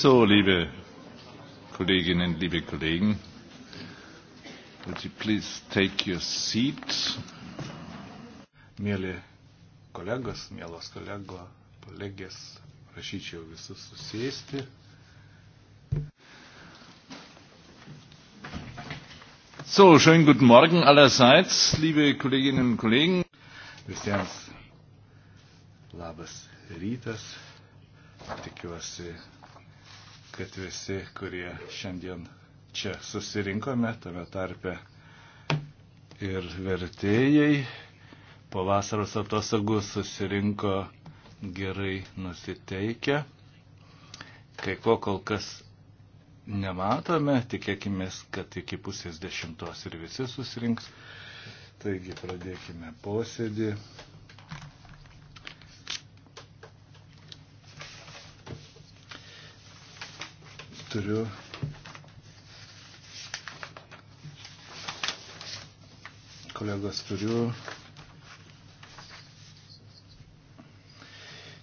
So, liebe Kolleginnen, liebe Kollegen, would you please take your seat? Mėly kolegos, mielos kolego, kolegės, prašyčiau visus susėsti. So, schönen guten Morgen allerseits, liebe Kolleginnen und Kollegen. Visiems labas rytas. Tikiuosi, kad visi, kurie šiandien čia susirinkome, tame tarpe ir vertėjai, po vasaros atostogų susirinko gerai nusiteikę. Kai ko kol kas nematome, tikėkime, kad iki pusės dešimtos ir visi susirinks. Taigi pradėkime posėdį. turiu kolegos turiu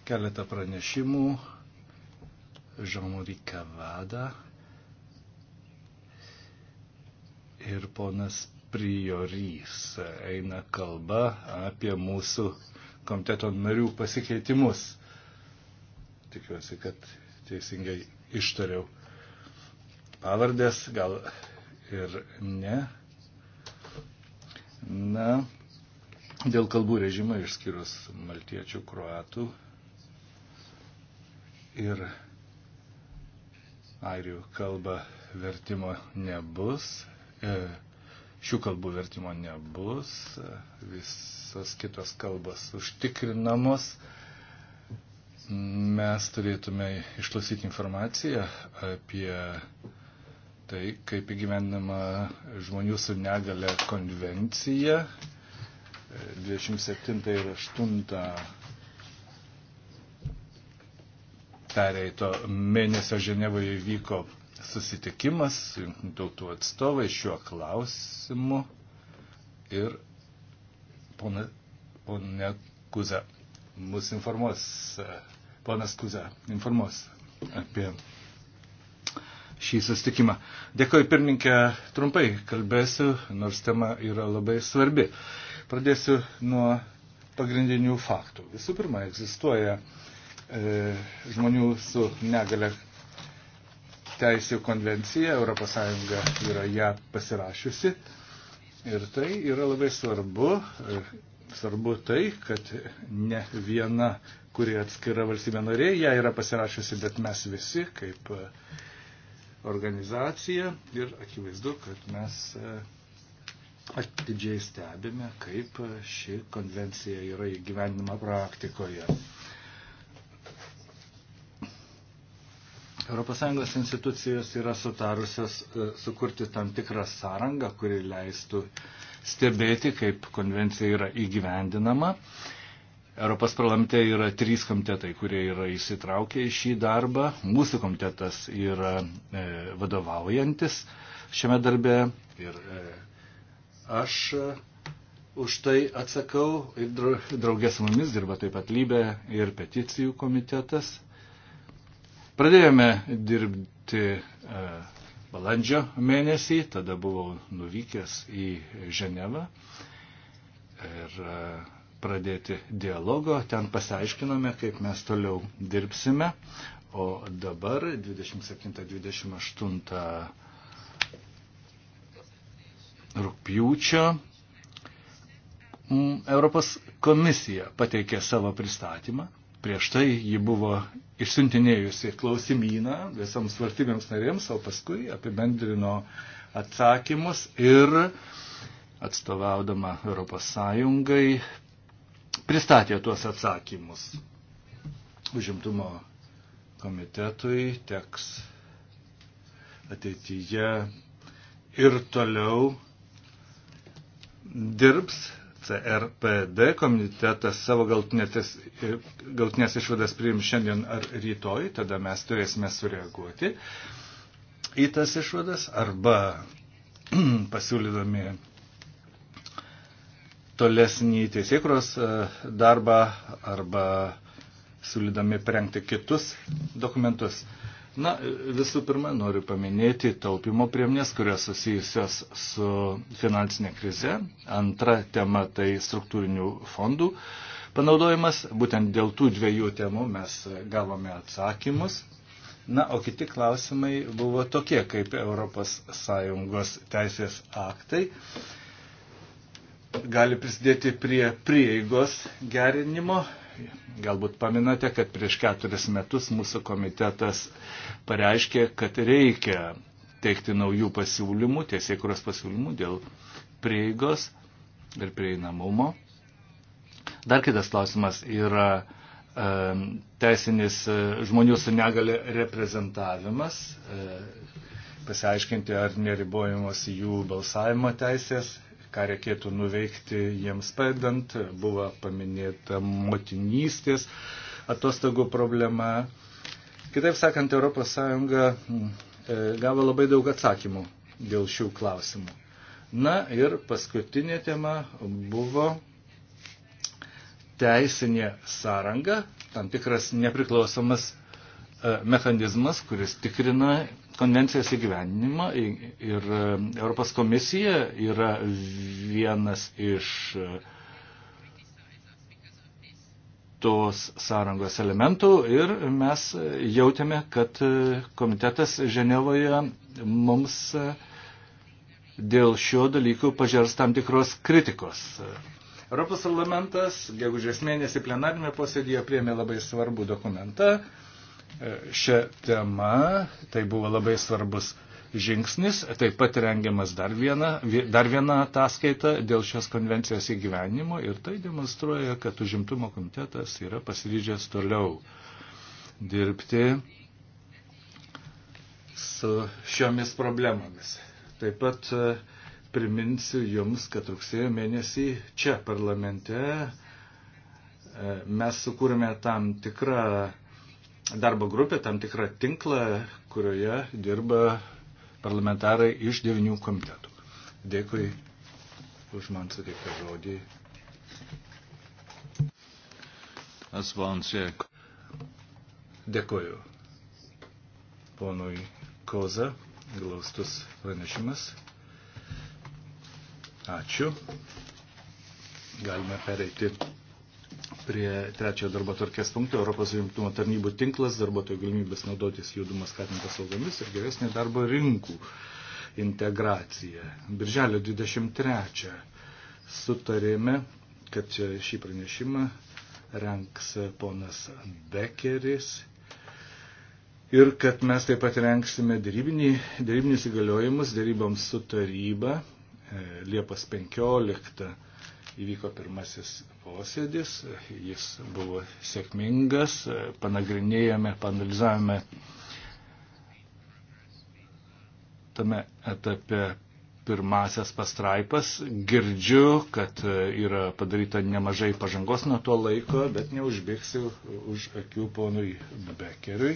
keletą pranešimų. Žamuri Kavada ir ponas Priorys eina kalba apie mūsų komiteto narių pasikeitimus. Tikiuosi, kad teisingai ištariau pavardės, gal ir ne. Na, dėl kalbų režimo išskyrus maltiečių, kruatų ir airių kalba vertimo nebus. E, šių kalbų vertimo nebus, visos kitos kalbos užtikrinamos. Mes turėtume išklausyti informaciją apie tai, kaip įgyvendama žmonių su negale konvencija 27 e, ir 8 pereito mėnesio Ženevoje vyko susitikimas su tautų atstovai šiuo klausimu ir pona, pone Kuza mus informuos, e, ponas Kuza informuos apie šį sustikimą. Dėkoju pirmininkę trumpai, kalbėsiu, nors tema yra labai svarbi. Pradėsiu nuo pagrindinių faktų. Visų pirma, egzistuoja e, žmonių su negale teisė konvencija, ES yra ją pasirašiusi. Ir tai yra labai svarbu. E, svarbu tai, kad ne viena, kuri atskira valstybė norė, ją yra pasirašiusi, bet mes visi, kaip e, organizacija ir akivaizdu, kad mes e, atidžiai stebime, kaip e, ši konvencija yra įgyvendinama praktikoje. ES institucijos yra sutarusios e, sukurti tam tikrą sąrangą, kuri leistų stebėti, kaip konvencija yra įgyvendinama. Europos parlamente yra trys komitetai, kurie yra įsitraukę į šį darbą. Mūsų komitetas yra e, vadovaujantis šiame darbe ir e, aš e, už tai atsakau ir draugės su mumis dirba taip pat lybė ir peticijų komitetas. Pradėjome dirbti e, balandžio mėnesį, tada buvau nuvykęs į Ženevą. Ir e, pradėti dialogo, ten pasiaiškinome, kaip mes toliau dirbsime, o dabar 27-28 rūpjūčio Europos komisija pateikė savo pristatymą. Prieš tai ji buvo išsiuntinėjusi klausimyną visoms vartybėms narėms, o paskui apibendrino atsakymus ir atstovaudama Europos Sąjungai pristatė tuos atsakymus. Užimtumo komitetui teks ateityje ir toliau dirbs CRPD komitetas savo galtinės išvadas priim šiandien ar rytoj, tada mes turėsime sureaguoti į tas išvadas arba pasiūlydami tolesnį teisėkuros e, darbą arba siūlydami prengti kitus dokumentus. Na, visų pirma, noriu paminėti taupimo priemonės, kurios susijusios su finansinė krize. Antra tema tai struktūrinių fondų panaudojimas. Būtent dėl tų dviejų temų mes gavome atsakymus. Na, o kiti klausimai buvo tokie kaip ES teisės aktai gali prisidėti prie prieigos gerinimo. Galbūt paminate, kad prieš keturis metus mūsų komitetas pareiškė, kad reikia teikti naujų pasiūlymų, tiesiekuros pasiūlymų dėl prieigos ir prieinamumo. Dar kitas klausimas yra e, teisinis e, žmonių su negale reprezentavimas, e, pasiaiškinti, ar neribojamos jų balsavimo teisės ką reikėtų nuveikti jiems padant. Buvo paminėta motinystės atostogų problema. Kitaip sakant, ES mm, e, gavo labai daug atsakymų dėl šių klausimų. Na ir paskutinė tema buvo teisinė sąranga, tam tikras nepriklausomas e, mechanizmas, kuris tikrina konvencijos įgyveninimą ir e, Europos komisija yra vienas iš e, tos sąrangos elementų ir mes jautėme, kad e, komitetas Ženevoje mums dėl šio dalyko pažers tam tikros kritikos. Europos parlamentas gegužės mėnesį plenarinėme posėdėje priėmė labai svarbų dokumentą šią temą. Tai buvo labai svarbus žingsnis. Taip pat rengiamas dar viena, dar viena ataskaita dėl šios konvencijos įgyvenimo ir tai demonstruoja, kad užimtumo komitetas yra pasiryžęs toliau dirbti su šiomis problemomis. Taip pat e, priminsiu Jums, kad rugsėjo mėnesį čia parlamente e, mes sukūrėme tam tikrą darbo grupę, tam tikrą tinklą, kurioje dirba parlamentarai iš devinių komitetų. Dėkui už man suteiktą žodį. Asvansėk. Dėkoju. Ponui Koza, glaustus pranešimas. Ačiū. Galime pereiti prie trečiojo darbo tvarkės punkto Europos jungtumo tarnybų tinklas, darbuotojų galimybės naudotis judumą skatinant paslaugomis ir geresnė darbo rinkų integracija. Birželio 23 sutarėme, kad šį pranešimą renks ponas Bekeris ir kad mes taip pat renksime dėrybinius įgaliojimus dėryboms su taryba e, Liepos 15 įvyko pirmasis posėdis, jis buvo sėkmingas, panagrinėjome, panalizavome tame etape pirmasias pastraipas. Girdžiu, kad yra padaryta nemažai pažangos nuo to laiko, bet neužbėgsiu už akių ponui Bekeriui.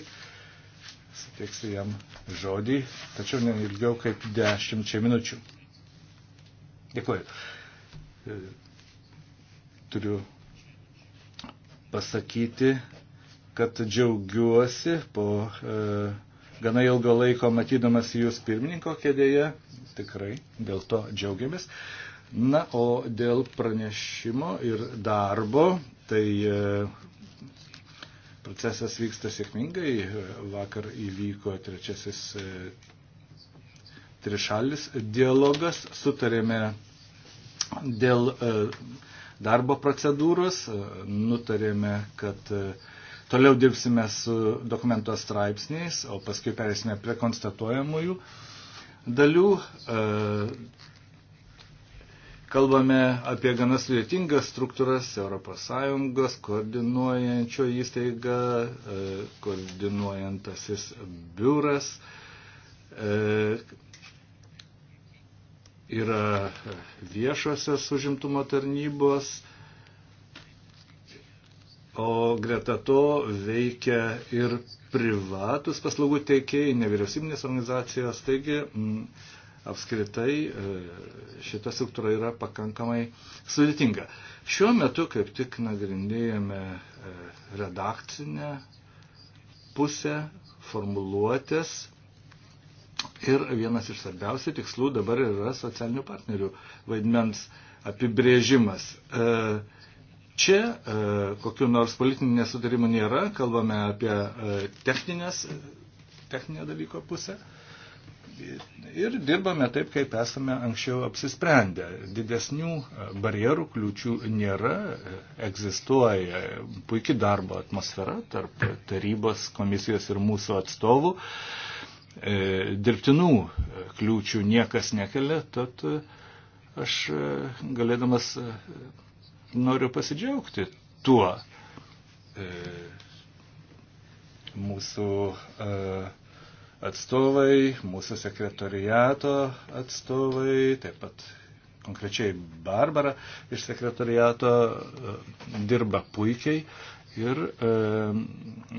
Suteiksiu jam žodį, tačiau ne ilgiau kaip dešimčia minučių. Dėkuoju turiu pasakyti, kad džiaugiuosi po e, gana ilgo laiko matydamas jūs pirmininko kėdėje. Tikrai dėl to džiaugiamės. Na, o dėl pranešimo ir darbo, tai e, procesas vyksta sėkmingai. Vakar įvyko trečiasis e, trišalis dialogas. Sutarėme dėl. E, darbo procedūros. Nutarėme, kad e, toliau dirbsime su dokumento straipsniais, o paskui perėsime prie konstatuojamųjų dalių. E, kalbame apie gana sudėtingas struktūras ES, koordinuojančio įstaiga, e, koordinuojantasis biuras, yra viešosios užimtumo tarnybos, o greta to veikia ir privatus paslaugų teikėjai, nevyriausybinės organizacijos. Taigi, m, apskritai e, šita struktūra yra pakankamai sudėtinga. Šiuo metu kaip tik nagrinėjame e, redakcinę pusę formuluotės Ir vienas iš svarbiausių tikslų dabar yra socialinių partnerių vaidmens apibrėžimas. E, čia e, kokiu nors politiniu nesutarimu nėra, kalbame apie e, techninės, techninę dalyko pusę. Ir dirbame taip, kaip esame anksčiau apsisprendę. Didesnių barjerų, kliūčių nėra, egzistuoja puikia darbo atmosfera tarp tarybos, komisijos ir mūsų atstovų. Uh, E, dirbtinų e, kliūčių niekas nekelia, tad e, aš galėdamas noriu pasidžiaugti tuo mūsų atstovai, mūsų sekretoriato atstovai, taip pat konkrečiai Barbara iš sekretoriato dirba puikiai ir e,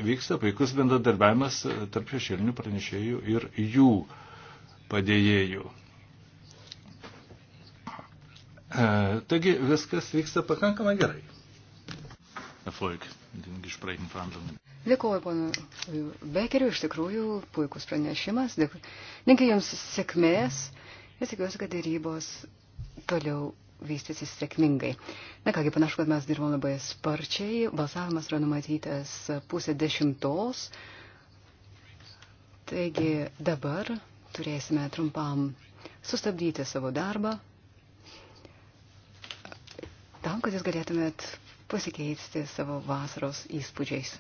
vyksta puikus bendradarbiavimas e, tarp šešėlinių pranešėjų ir jų padėjėjų. E, taigi viskas vyksta pakankamai gerai. Erfolg in den Gesprächen, Verhandlungen. Dėkuoju, ponu Bekeriu, iš tikrųjų puikus pranešimas. Linkiu Jums sėkmės ir tikiuosi, kad dėrybos toliau vystysis sėkmingai. Na kągi, panašu, kad mes dirbom labai sparčiai. Balsavimas yra numatytas pusė dešimtos. Taigi dabar turėsime trumpam sustabdyti savo darbą tam, kad jūs galėtumėt pasikeisti savo vasaros įspūdžiais.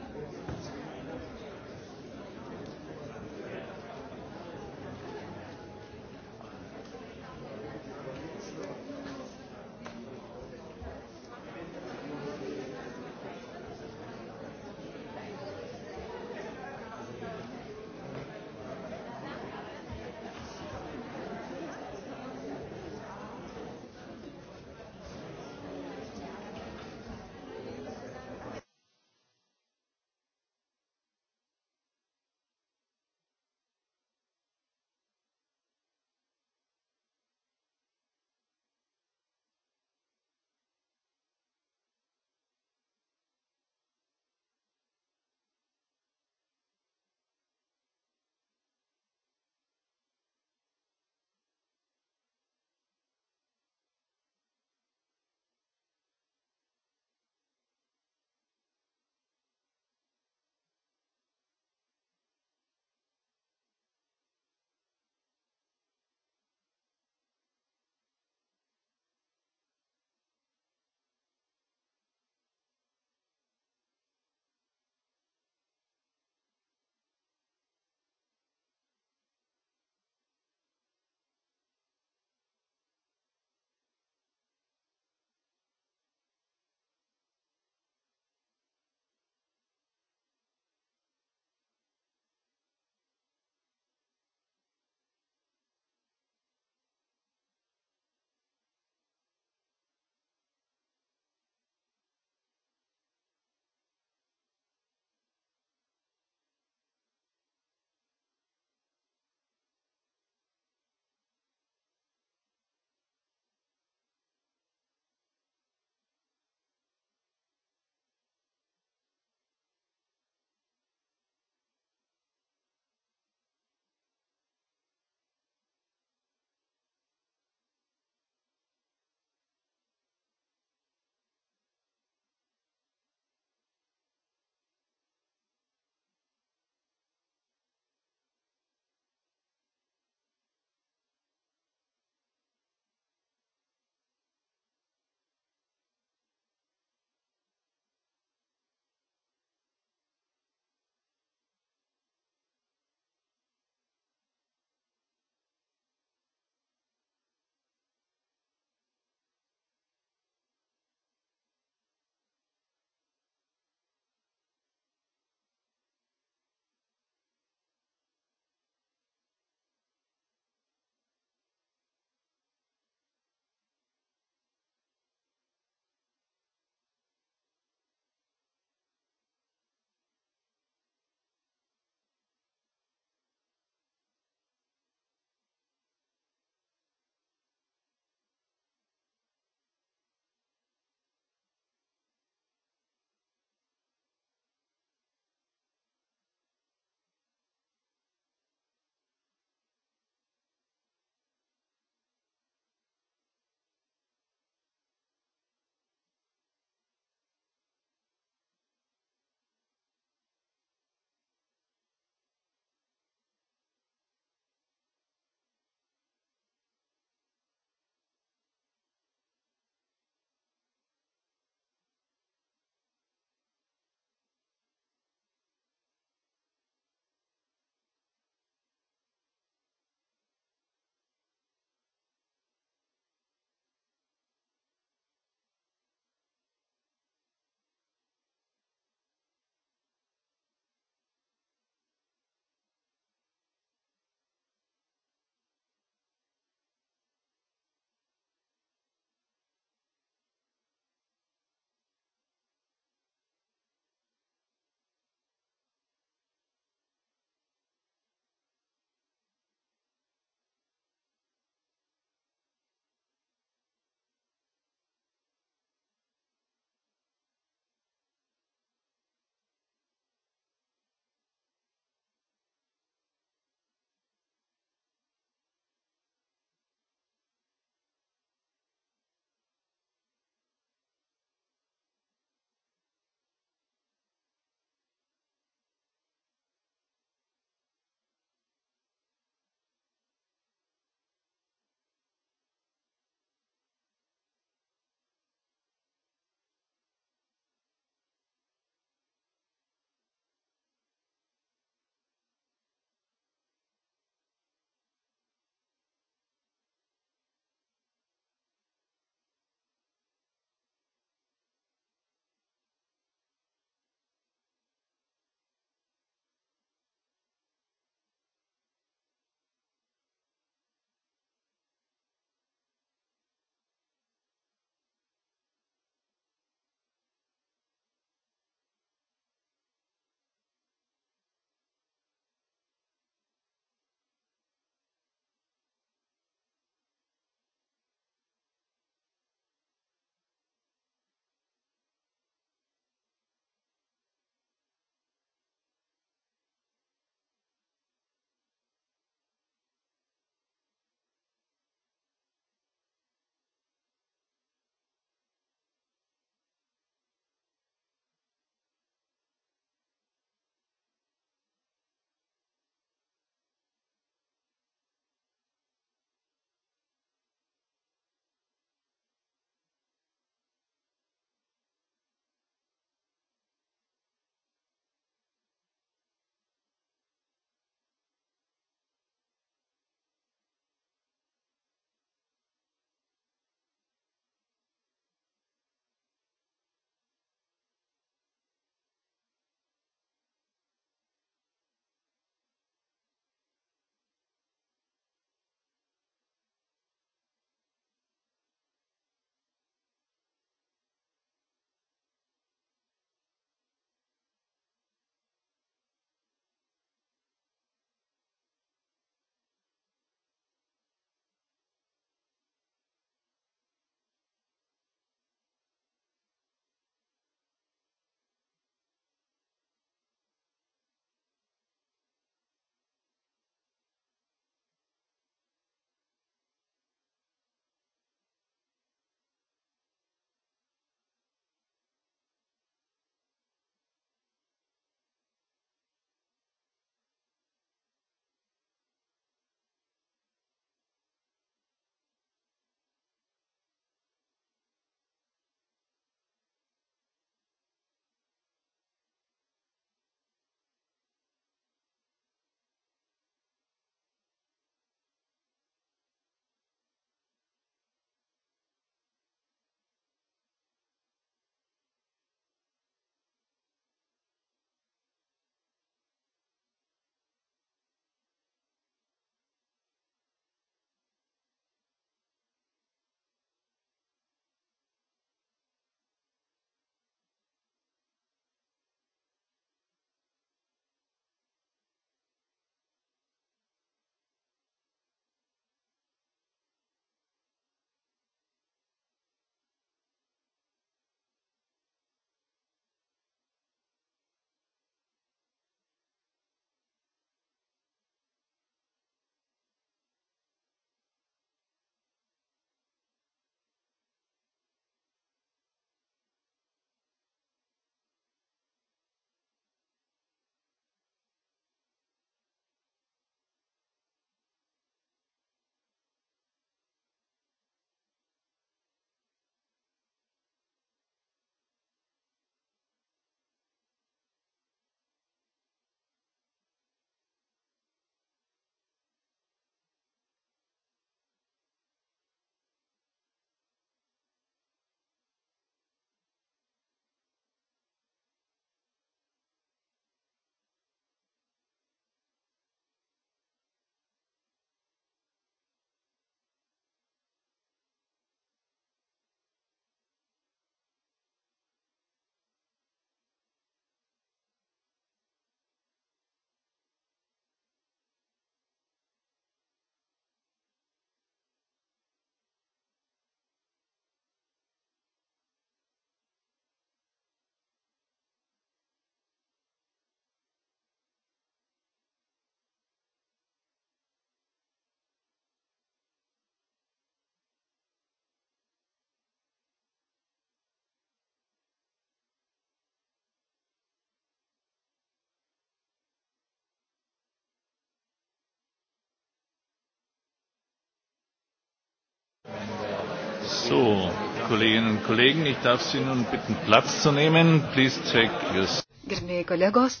So, Kolleginnen und Kollegen, ich darf Sie nun bitten, Platz zu nehmen. Please check your... Gerbėjai kolegos,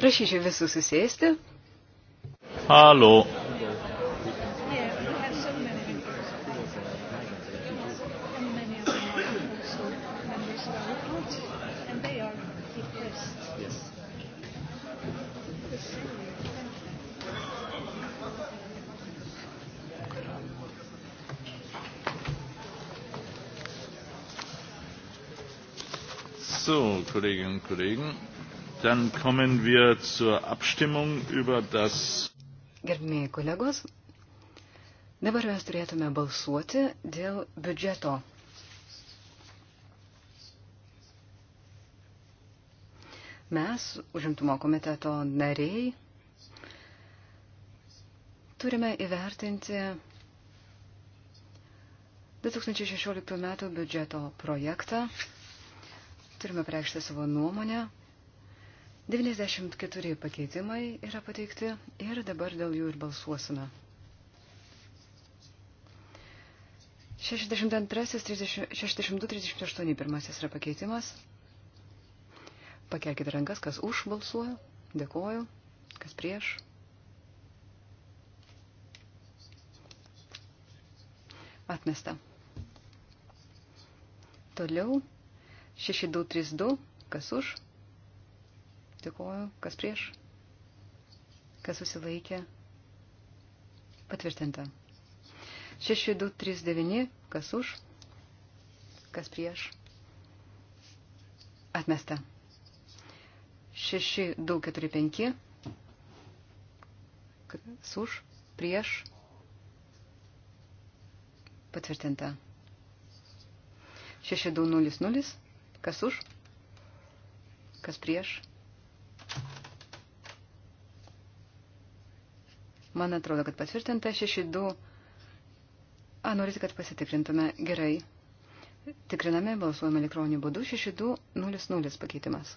prašyčiau visus susėsti. Halo. So, Kolleginnen und Kollegen, dann kommen wir zur Abstimmung über das. Gerbimieji kolegos, dabar mes turėtume balsuoti dėl biudžeto. Mes, užimtumo komiteto nariai, turime įvertinti 2016 m. biudžeto projektą turime priekšti savo nuomonę. 94 pakeitimai yra pateikti ir dabar dėl jų ir balsuosime. 62-38 pirmasis yra pakeitimas. Pakelkite rankas, kas už balsuoju. Dėkoju. Kas prieš. Atmesta. Toliau 6232, kas už, dėkoju, kas prieš, kas susilaikė, patvirtinta. 6239, kas už, kas prieš, atmesta. 6245, kas už, prieš, patvirtinta. 6200, Kas už? Kas prieš? Man atrodo, kad patvirtinta 6-2. A, norite, kad pasitikrintume. Gerai. Tikriname, balsuojame elektroniniu būdu 6200 pakeitimas.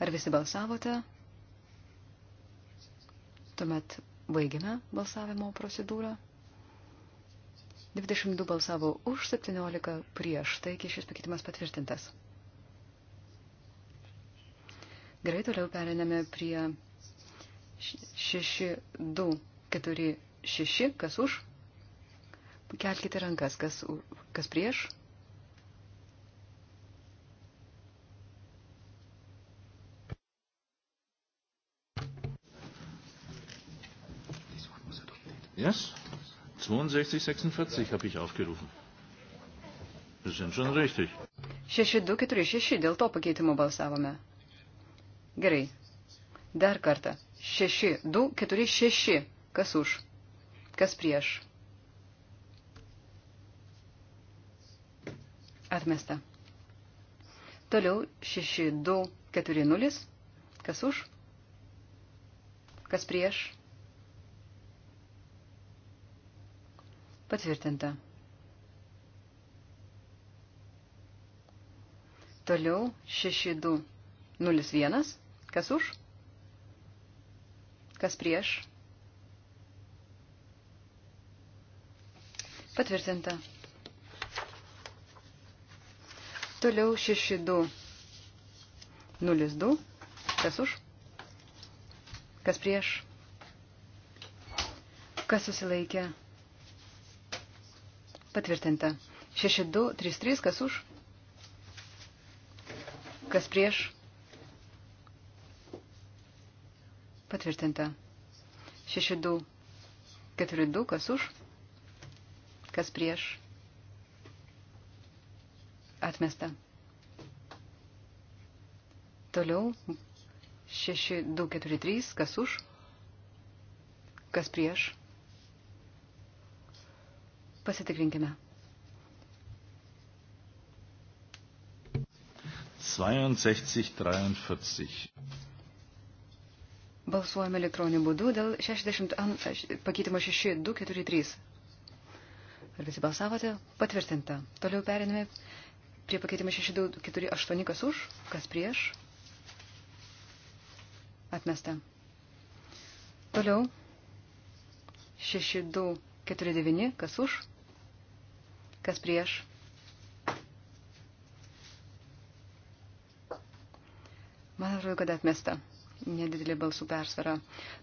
Ar visi balsavote? Tuomet baigime balsavimo procedūrą. 22 balsavo už, 17 prieš. Taigi šis pakeitimas patvirtintas. Gerai, toliau periname prie 6, 2, 4, 6. Kas už? Kelkite rankas, kas, kas prieš. Yes? 6246 habe ich aufgerufen. Das sind schon richtig. 6246, dėl to pakeitimo balsavome. Gerai. Dar kartą. 6246. Kas už? Kas prieš? Atmesta. Toliau 6240. Kas už? Kas prieš? Patvirtinta. Toliau 6201. Kas už? Kas prieš? Patvirtinta. Toliau 6202. Kas už? Kas prieš? Kas susilaikė? Patvirtinta. 6233, kas už? Kas prieš? Patvirtinta. 6242, kas už? Kas prieš? Atmesta. Toliau 6243, kas už? Kas prieš? Pasitikrinkime. 62-43. Balsuojame elektroniniu būdu dėl 60 pakeitimo 6243. Ar visi balsavote? Patvirtinta. Toliau periname prie pakeitimo 6248, kas už, kas prieš. Atmesta. Toliau 62. 49, kas už, kas prieš. Man atrodo, kad atmesta. Nedidelė balsų persvara.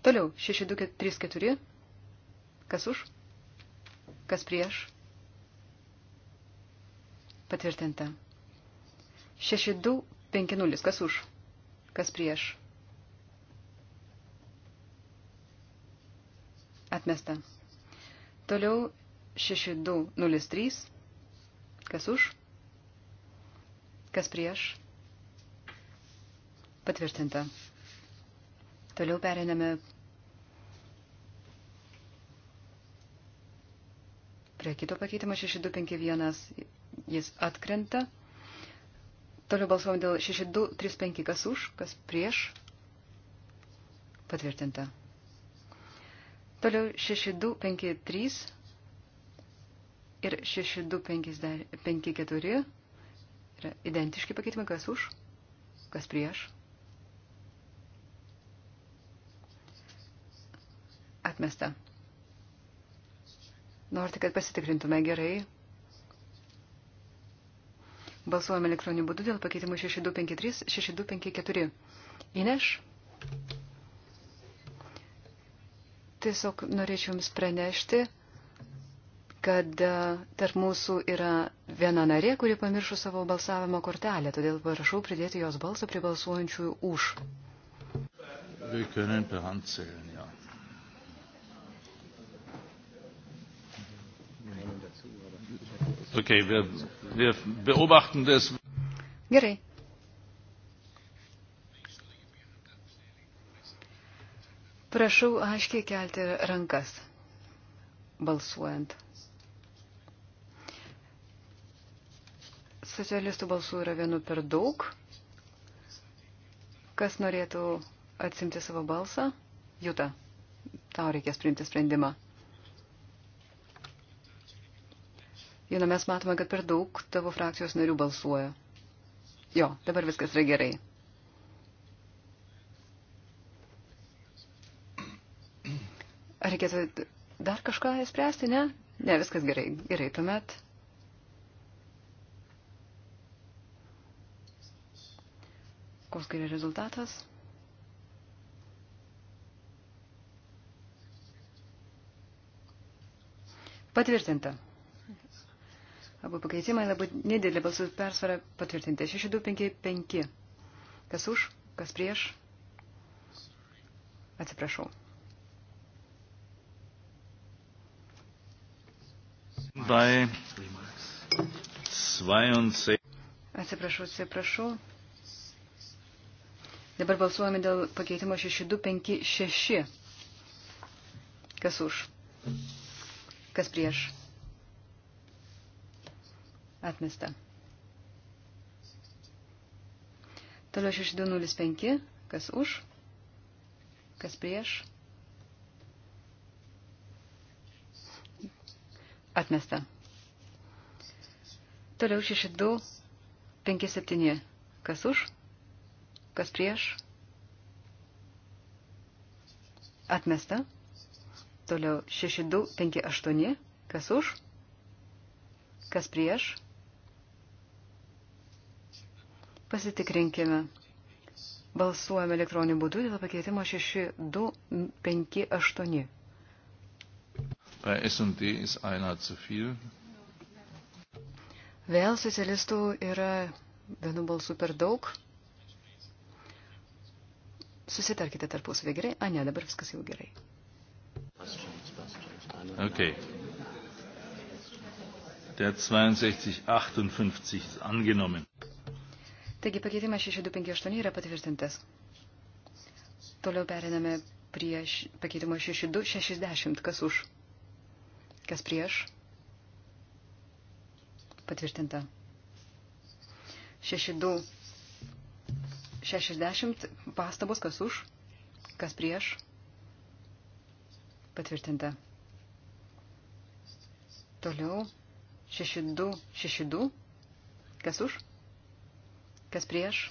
Toliau, 6234. Kas už? Kas prieš? Patvirtinta. 6250. Kas už? Kas prieš? Atmesta. Toliau 6203. Kas už? Kas prieš? Patvirtinta. Toliau periname prie kito pakeitimo 6251. Jis atkrenta. Toliau balsuojam dėl 6235. Kas už? Kas prieš? Patvirtinta. Toliau 6253 ir 6254 yra identiški pakeitimai, kas už, kas prieš. Atmesta. Norite, kad pasitikrintume gerai. Balsuojame elektroniniu būdu dėl pakeitimų 6253, 6254. Įneš. Tiesiog norėčiau Jums pranešti, kad e, tarp mūsų yra viena narė, kuri pamiršo savo balsavimo kortelę, todėl prašau pridėti jos balsą prie balsuojančiųjų už. Wir können per Hand zählen, ja. Okay, wir, wir beobachten das. Gerai, Prašau aiškiai kelti rankas balsuojant. Socialistų balsų yra vienu per daug. Kas norėtų atsimti savo balsą? Juta, tau reikės priimti sprendimą. Juna, mes matome, kad per daug tavo frakcijos narių balsuoja. Jo, dabar viskas yra gerai. Ar reikėtų dar kažką įspręsti, ne? Ne, viskas gerai. Gerai, tuomet. Koks gerai rezultatas? Patvirtinta. Abu pakeitimai labai nedėlė balsų persvara patvirtinta. 6255. Kas už, kas prieš? Atsiprašau. bei 62. Atsiprašau, atsiprašau. Dabar balsuojame dėl pakeitimo 6256. Kas už? Kas prieš? Atmesta. Toliau 6205. Kas už? Kas prieš? Atmesta. Toliau 6257. Kas už? Kas prieš? Atmesta. Toliau 6258. Kas už? Kas prieš? Pasitikrinkime. Balsuojame elektroniniu būdu dėl pakeitimo 6258. Bei SD ist einer zu viel. Vėl socialistų yra vienu balsu per daug. Susitarkite tarpusavį gerai. A, ne, dabar viskas jau gerai. Okay. Der 6258 ist angenommen. Taigi pakeitimas 6258 yra patvirtintas. Toliau periname prie pakeitimo 6260. Kas už? Kas prieš? Patvirtinta. 62. 60 pastabos, kas už, kas prieš. Patvirtinta. Toliau 62, 62. Kas už? Kas prieš?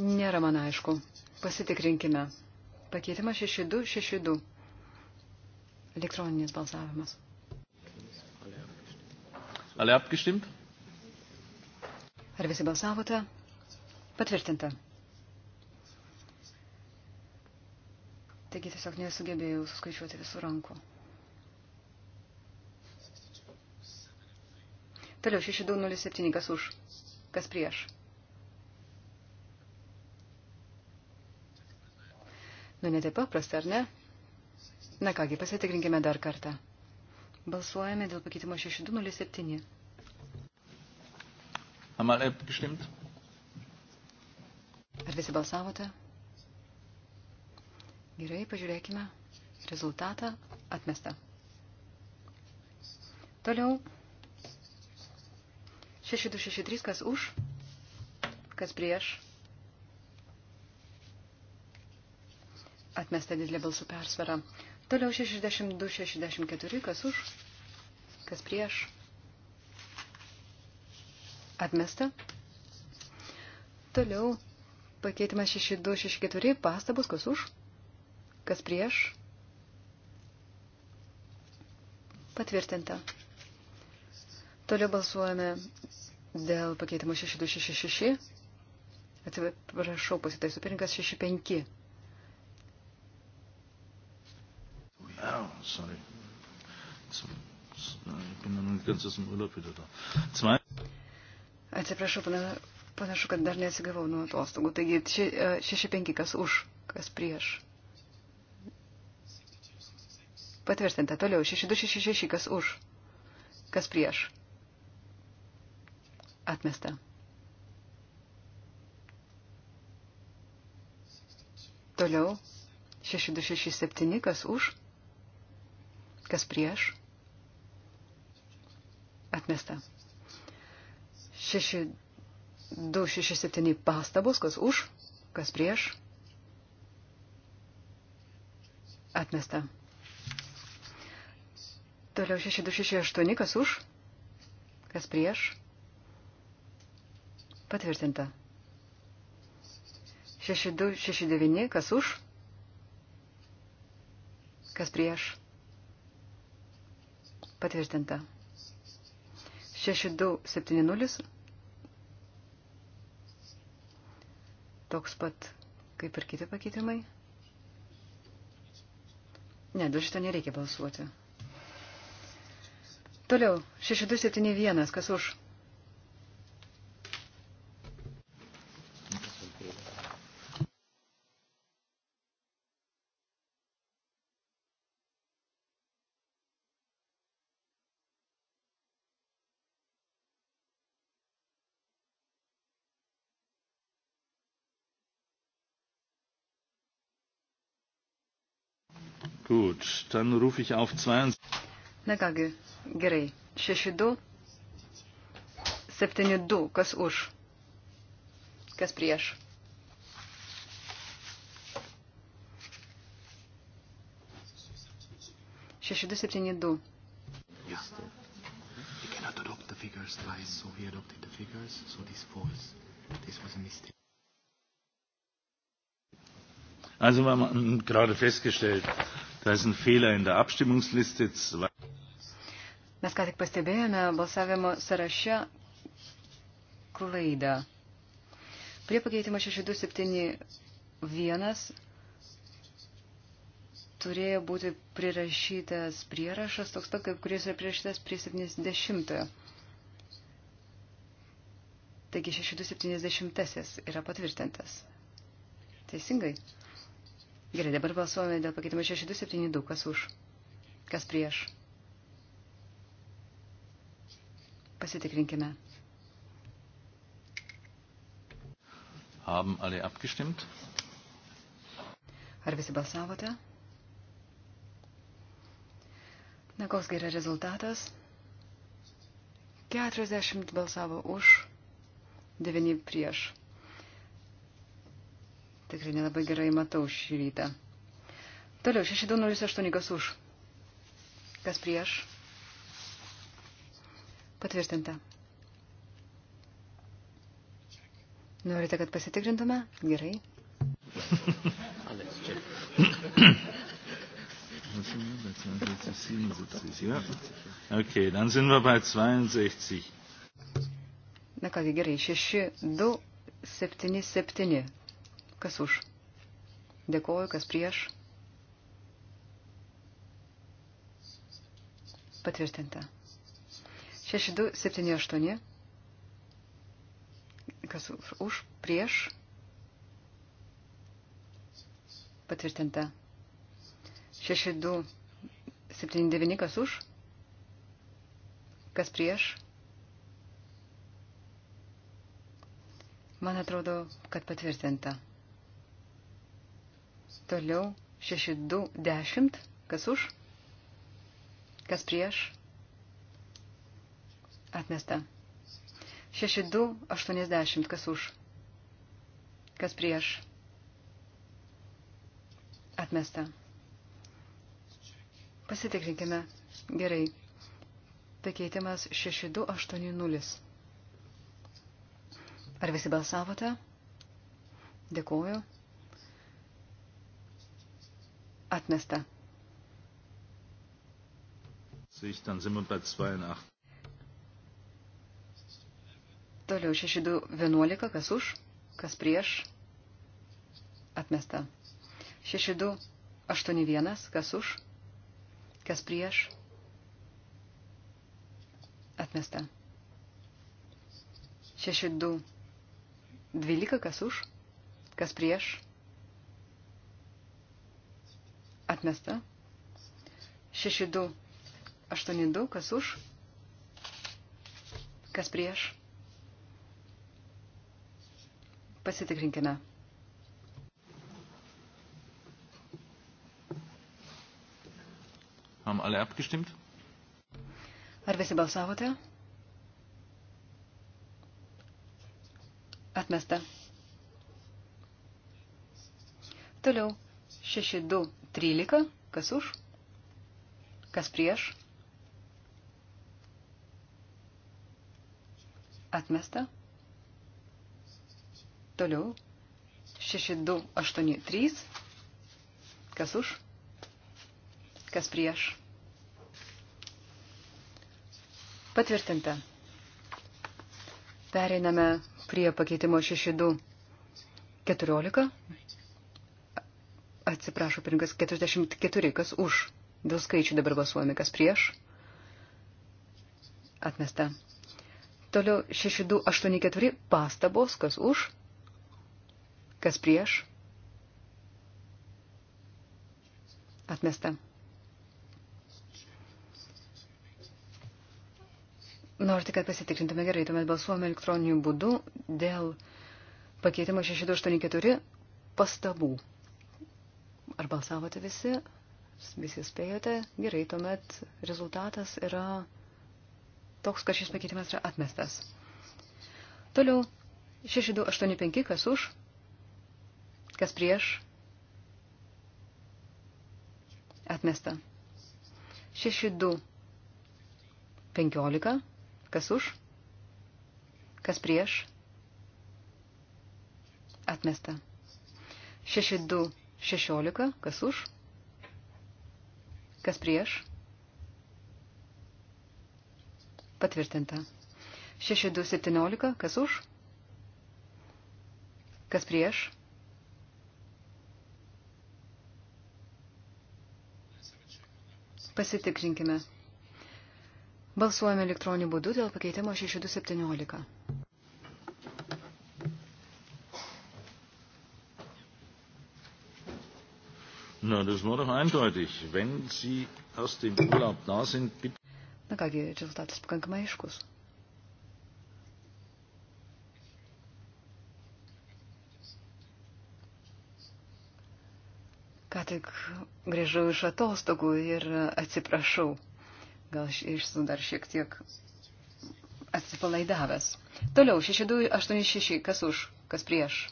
Nėra man aišku. Pasitikrinkime. Pakeitimas 6262. Elektroninis balsavimas. Alle abgestimmt? Ar visi balsavote? Patvirtinta. Taigi tiesiog nesugebėjau suskaičiuoti visų rankų. Toliau 6207, kas už, kas prieš. Nu, netaip paprasta, ar ne? Na kągi, pasitikrinkime dar kartą. Balsuojame dėl pakeitimo 6207. Amal abgestimmt? Ar visi balsavote? Gerai, pažiūrėkime. Rezultatą atmesta. Toliau. 6263, kas už, kas prieš atmesta didelė balsų persvara. Toliau 62-64, kas už, kas prieš. Atmesta. Toliau pakeitimas 62-64, pastabus, kas už, kas prieš. Patvirtinta. Toliau balsuojame dėl pakeitimo 6266. Atsiprašau, pasitaisiu pirinkas 65. Brown, sorry. Ich bin noch nicht ganz aus dem Urlaub wieder da. Zwei. Atsiprašau, panašu, kad dar neatsigavau nuo atostogų. Taigi 6-5 e, kas už, kas prieš. Patvirtinta. Toliau 6266 kas už, kas prieš. Atmesta. 6266. Toliau 6267, kas už, Kas prieš? Atmesta. 6, 2, 6, 7 pastabos, kas už, kas prieš? Atmesta. Toliau 6, 2, 6, 8, kas už, kas prieš? Patvirtinta. 6, 2, 6, 9, kas už, kas prieš? Patvirtinta. 6270. Toks pat kaip ir kiti pakeitimai. Ne, dėl šito nereikia balsuoti. Toliau, 6271, kas už? Gut, dann rufe ich auf 22. Na kągi, gerai. 6-2, 7-2, kas už, kas prieš. Šeši du septyni du. cannot adopt the figures twice, so we adopted the figures, so this falls. This was a mistake. Also wir haben gerade festgestellt, Da ist ein Fehler in der Abstimmungsliste. Mes ką tik pastebėjome balsavimo sąraše klaidą. Prie pakeitimo 6271 turėjo būti prirašytas prierašas, toks pat, kaip kuris yra prirašytas prie 70. Taigi 670 yra patvirtintas. Teisingai? Gerai, dabar balsuojame dėl pakeitimo 6272. Kas už? Kas prieš? Pasitikrinkime. Haben alle abgestimmt? Ar visi balsavote? Na, koks yra rezultatas? 40 balsavo už, 9 prieš. Tikrai nelabai gerai matau šį rytą. Toliau, 6208 kas už. Kas prieš? Patvirtinta. Norite, kad pasitikrintume? Gerai. okay, dann sind wir bei 62. Na kągi, gerai, 6, 2, 7, 7. Kas už? Dėkoju, kas prieš? Patvirtinta. 6278. Kas už? Prieš? Patvirtinta. 6279. Kas už? Kas prieš? Man atrodo, kad patvirtinta. Toliau 6210. Kas už? Kas prieš? Atmesta. 6280. Kas už? Kas prieš? Atmesta. Pasitikrinkime. Gerai. Pakeitimas tai 6280. Ar visi balsavote? Dėkuoju. Atmesta. Toliau 6211, kas už, kas prieš, atmesta. 6281, kas už, kas prieš, atmesta. 6212, kas už, kas prieš, atmesta. atmesta. 6282, kas už, kas prieš. Pasitikrinkime. Haben alle abgestimmt? Ar visi balsavote? Atmesta. Toliau. 6, 2, 13. Kas už? Kas prieš? Atmesta. Toliau. 6, 2, 8, 3. Kas už? Kas prieš? Patvirtinta. Pereiname prie pakeitimo 6, 2, 14 atsiprašau, pirinkas 44, kas už. Dėl skaičių dabar balsuojame, kas prieš. Atmesta. Toliau 6284 pastabos, kas už, kas prieš. Atmesta. Norite, kad pasitikrintume gerai, tuomet balsuojame elektroniniu būdu dėl pakeitimo 6284 pastabų. Ar balsavote visi? Visi spėjote? Gerai, tuomet rezultatas yra toks, kad šis pakeitimas yra atmestas. Toliau 6285, kas už, kas prieš, atmesta. 6215, kas už, kas prieš, atmesta. 62 16. Kas už? Kas prieš? Patvirtinta. 6217. Kas už? Kas prieš? Pasitikrinkime. Balsuojame elektroniniu būdu dėl pakeitimo 6217. Na, das war doch eindeutig. Wenn Sie aus dem Urlaub da sind, bitte. Na kągi, rezultatas pakankamai aiškus. Ką tik grįžau iš atostogų ir atsiprašau. Gal esu dar šiek tiek atsipalaidavęs. Toliau, 6286, kas už, kas prieš.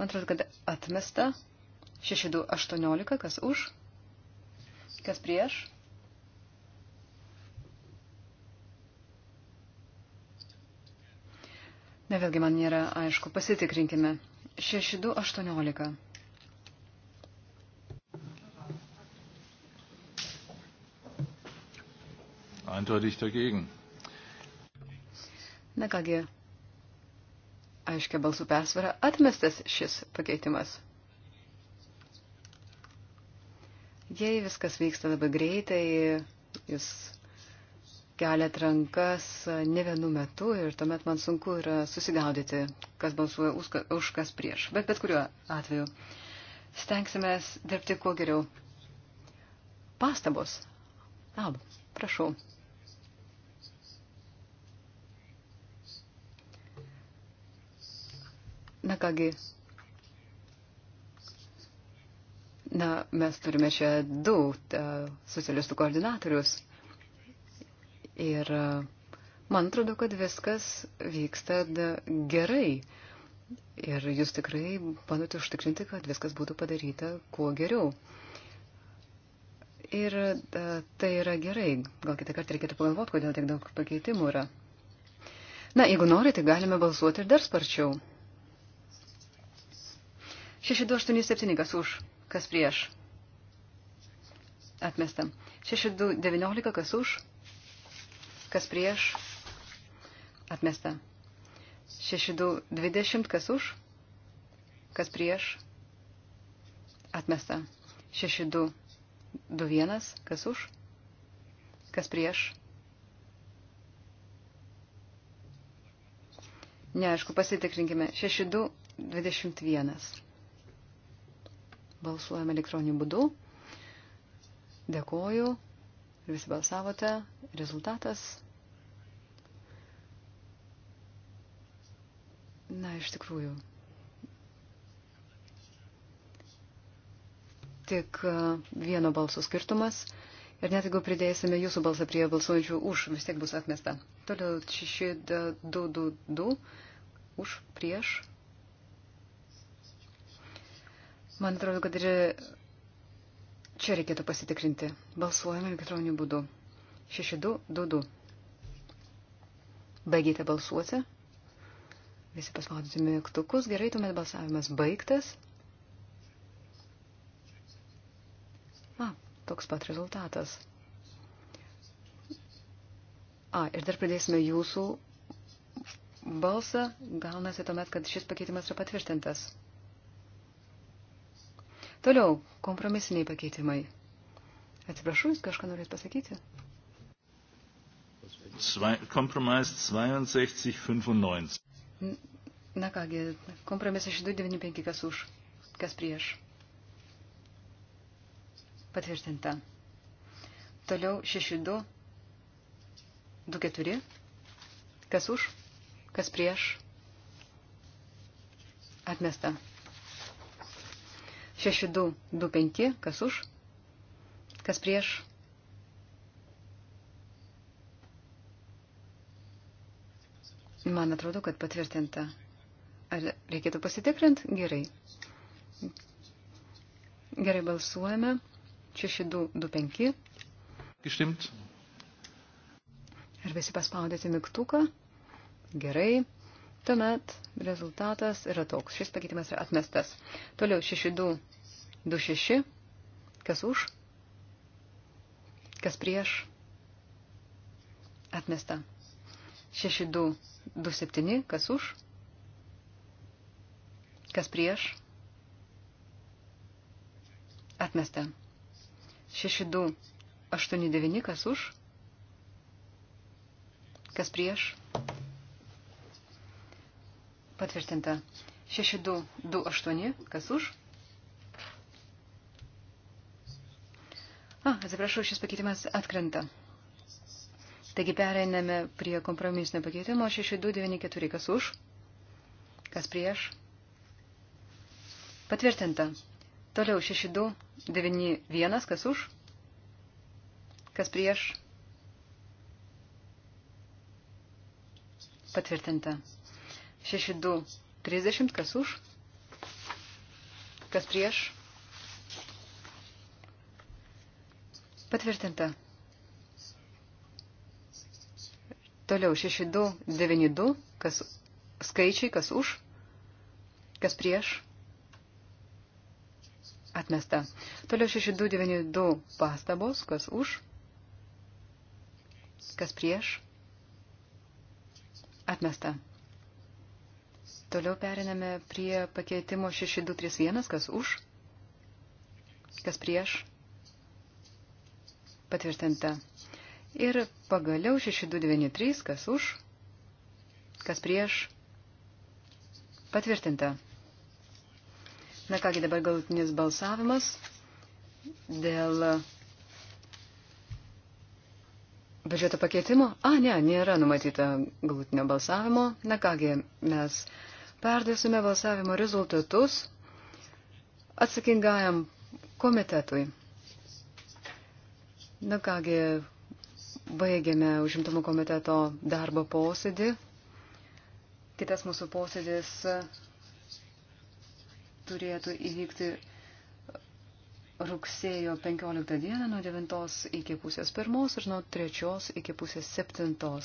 Man atrodo, kad atmesta. 6218, kas už, kas prieš. Ne, vėlgi man nėra aišku, pasitikrinkime. 6218. Eindeutig dagegen. Na kągi, aiškia balsų persvara atmestas šis pakeitimas. Jei viskas vyksta labai greitai, jūs keliat rankas ne vienu metu ir tuomet man sunku yra susigaudyti, kas balsuoja už kas prieš. Bet bet kuriuo atveju stengsime dirbti kuo geriau. Pastabos. Ab, prašau. Na kągi. Na, mes turime čia du e, socialistų koordinatorius. Ir e, man atrodo, kad viskas vyksta gerai. Ir jūs tikrai bandote užtikrinti, kad viskas būtų padaryta kuo geriau. Ir a, e, tai yra gerai. Gal kitą kartą reikėtų pagalvoti, kodėl tiek daug pakeitimų yra. Na, jeigu norite, tai galime balsuoti ir dar sparčiau. 6287 kas už, kas prieš. Atmesta. 6219 kas už, kas prieš. Atmesta. 6220 kas už, kas prieš. Atmesta. 6221 kas už, kas prieš. Neaišku, pasitikrinkime. 6221 balsuojame elektroniniu būdu. Dėkoju. Ir visi balsavote. Rezultatas. Na, iš tikrųjų. Tik e, vieno balsų skirtumas. Ir net jeigu pridėsime jūsų balsą prie balsuojančių už, vis tiek bus atmesta. Toliau 6, 2, 2, 2, už, prieš, Man atrodo, kad ir čia reikėtų pasitikrinti. Balsuojame elektroniniu būdu. 6222. Baigėte balsuoti. Visi paspaudyti mygtukus. Gerai, tuomet balsavimas baigtas. A, toks pat rezultatas. A, ir dar pridėsime jūsų balsą. Gaunasi tuomet, kad šis pakeitimas yra patvirtintas. Toliau, kompromisiniai pakeitimai. Atsiprašau, jūs kažką norėt pasakyti? Kompromis 6295. Na kągi, kompromisas 6295, kas už, kas prieš. Patvirtinta. Toliau 6224. Kas už, kas prieš. Atmesta. 6225, kas už, kas prieš. Man atrodo, kad patvirtinta. Ar reikėtų pasitikrinti? Gerai. Gerai balsuojame. 6225. Gestimt. Ar visi paspaudėte mygtuką? Gerai. Tuomet rezultatas yra toks. Šis pakeitimas yra atmestas. Toliau 6226. Kas už? Kas prieš? Atmesta. 6227. Kas už? Kas prieš? Atmesta. 6289. Kas už? Kas prieš? Patvirtinta. 6228, kas už? A, atsiprašau, šis pakeitimas atkrenta. Taigi pereiname prie kompromisinio pakeitimo 6294, kas už? Kas prieš? Patvirtinta. Toliau 6291, kas už? Kas prieš? Patvirtinta. 6230, kas už, kas prieš. Patvirtinta. Toliau 6292, kas skaičiai, kas už, kas prieš. Atmesta. Toliau 6292 pastabos, kas už, kas prieš. Atmesta. Toliau periname prie pakeitimo 6231, kas už, kas prieš, patvirtinta. Ir pagaliau 6293, kas už, kas prieš, patvirtinta. Na kągi dabar galutinis balsavimas dėl biudžeto pakeitimo. A, ne, nėra numatyta galutinio balsavimo. Na kągi, mes perduosime balsavimo rezultatus atsakingajam komitetui. Na kągi, baigiame užimtumo komiteto darbo posėdį. Kitas mūsų posėdis turėtų įvykti rugsėjo 15 dieną nuo 9 iki pusės 1 ir nuo 3 iki pusės 7.